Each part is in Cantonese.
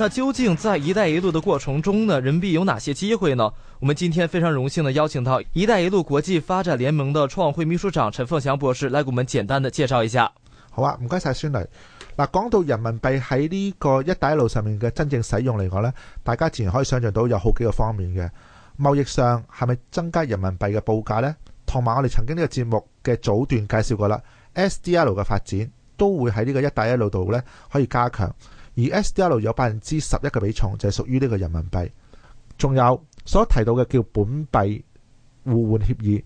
那究竟在“一帶一路”的過程中呢，人民幣有哪些機會呢？我們今天非常榮幸地邀請到“一帶一路”國際發展聯盟的創會秘書長陳鳳翔博士來給我們簡單地介紹一下。好啊，唔該晒，孫雷。嗱，講到人民幣喺呢個“一帶一路”上面嘅真正使用嚟講呢，大家自然可以想象到有好幾個方面嘅，貿易上係咪增加人民幣嘅報價呢？同埋我哋曾經呢個節目嘅早段介紹過啦 SDR 嘅發展都會喺呢個“一帶一路”度呢可以加強。而 SDR 有百分之十一嘅比重就係屬於呢個人民幣，仲有所提到嘅叫本幣互換協議，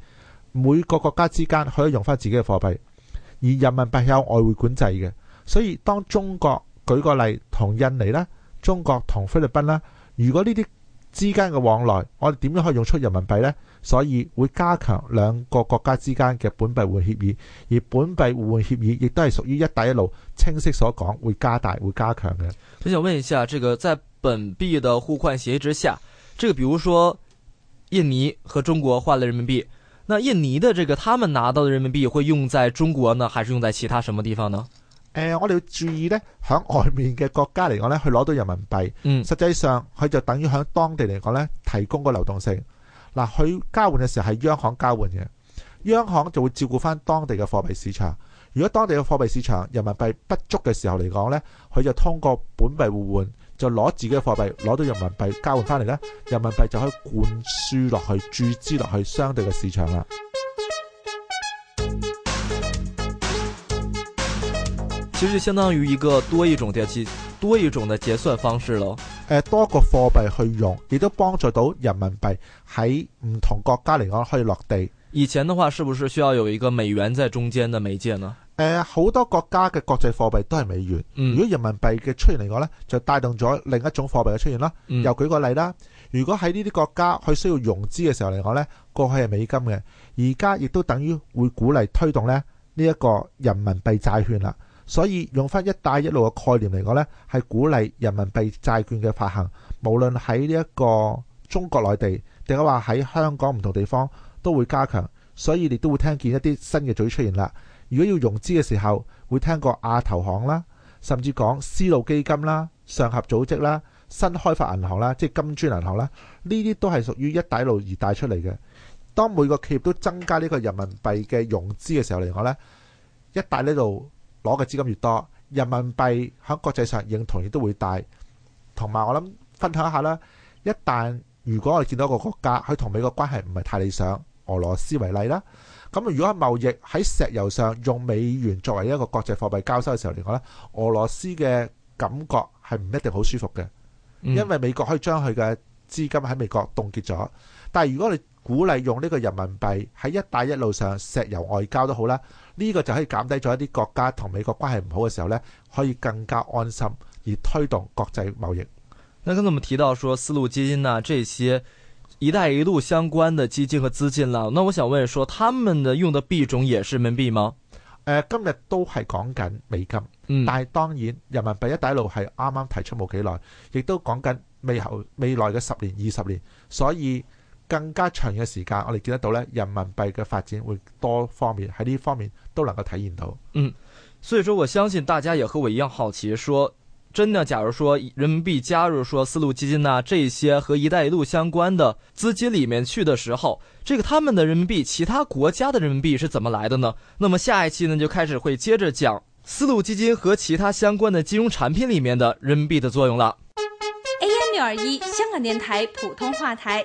每個國家之間可以用翻自己嘅貨幣，而人民幣係有外匯管制嘅，所以當中國舉個例同印尼啦，中國同菲律賓啦，如果呢啲之間嘅往來，我哋點樣可以用出人民幣呢？所以會加強兩個國家之間嘅本幣互換協議，而本幣互換協議亦都係屬於一帶一路，清晰所講會加大、會加強嘅。我想問一下，這個在本幣的互換協議之下，這個比如說印尼和中國換了人民幣，那印尼的這個他們拿到的人民幣會用在中國呢，還是用在其他什麼地方呢？誒、呃，我哋要注意呢，喺外面嘅國家嚟講呢，去攞到人民幣，嗯、實際上佢就等於喺當地嚟講呢，提供個流動性。嗱、呃，佢交換嘅時候係央行交換嘅，央行就會照顧翻當地嘅貨幣市場。如果當地嘅貨幣市場人民幣不足嘅時候嚟講呢，佢就通過本幣互換，就攞自己嘅貨幣，攞到人民幣交換翻嚟呢，人民幣就可以灌輸落去、注資落去相對嘅市場啦。其實相當於一個多一種的結多一種的結算方式咯。誒，多個貨幣去用，亦都幫助到人民幣喺唔同國家嚟講可以落地。以前的話，是不是需要有一個美元在中間的媒介呢？誒、呃，好多國家嘅國際貨幣都係美元。嗯、如果人民幣嘅出現嚟講呢，就帶動咗另一種貨幣嘅出現啦。嗯、又舉個例啦，如果喺呢啲國家去需要融資嘅時候嚟講呢，過去係美金嘅，而家亦都等於會鼓勵推動呢呢一、這個人民幣債券啦。所以用翻一帶一路嘅概念嚟講呢，係鼓勵人民幣債券嘅發行，無論喺呢一個中國內地，定係話喺香港唔同地方都會加強。所以你都會聽見一啲新嘅組出現啦。如果要融資嘅時候，會聽過亞投行啦，甚至講絲路基金啦、上合組織啦、新開發銀行啦，即係金磚銀行啦，呢啲都係屬於一帶一路而帶出嚟嘅。當每個企業都增加呢個人民幣嘅融資嘅時候嚟講呢「一帶呢度。攞嘅資金越多，人民幣喺國際上認同亦都會大。同埋我諗分享一下啦，一旦如果我哋見到一個國家佢同美國關係唔係太理想，俄羅斯為例啦，咁如果係貿易喺石油上用美元作為一個國際貨幣交收嘅時候嚟講咧，俄羅斯嘅感覺係唔一定好舒服嘅，因為美國可以將佢嘅資金喺美國凍結咗，但係如果你鼓勵用呢個人民幣喺一帶一路上石油外交都好啦，呢、這個就可以減低咗一啲國家同美國關係唔好嘅時候呢，可以更加安心而推動國際貿易。那剛才我們提到說絲路基金啊，這些一帶一路相關的基金和資金啦，那我想問說，他們的用的幣種也是人民幣嗎？誒、呃，今日都係講緊美金，嗯、但係當然人民幣一帶一路係啱啱提出冇幾耐，亦都講緊未，未來未來嘅十年、二十年，所以。更加長嘅時間，我哋見得到呢，人民幣嘅發展會多方面喺呢方面都能夠體現到。嗯，所以說我相信大家也和我一樣好奇說，說真的，假如說人民幣加入說絲路基金呢，啊，這些和一帶一路相關的資金裏面去的時候，這個他們的人民幣，其他國家的人民幣是怎麼來的呢？那麼下一期呢就開始會接着講絲路基金和其他相關的金融產品裏面的人民幣的作用了。AM 六二一香港電台普通話台。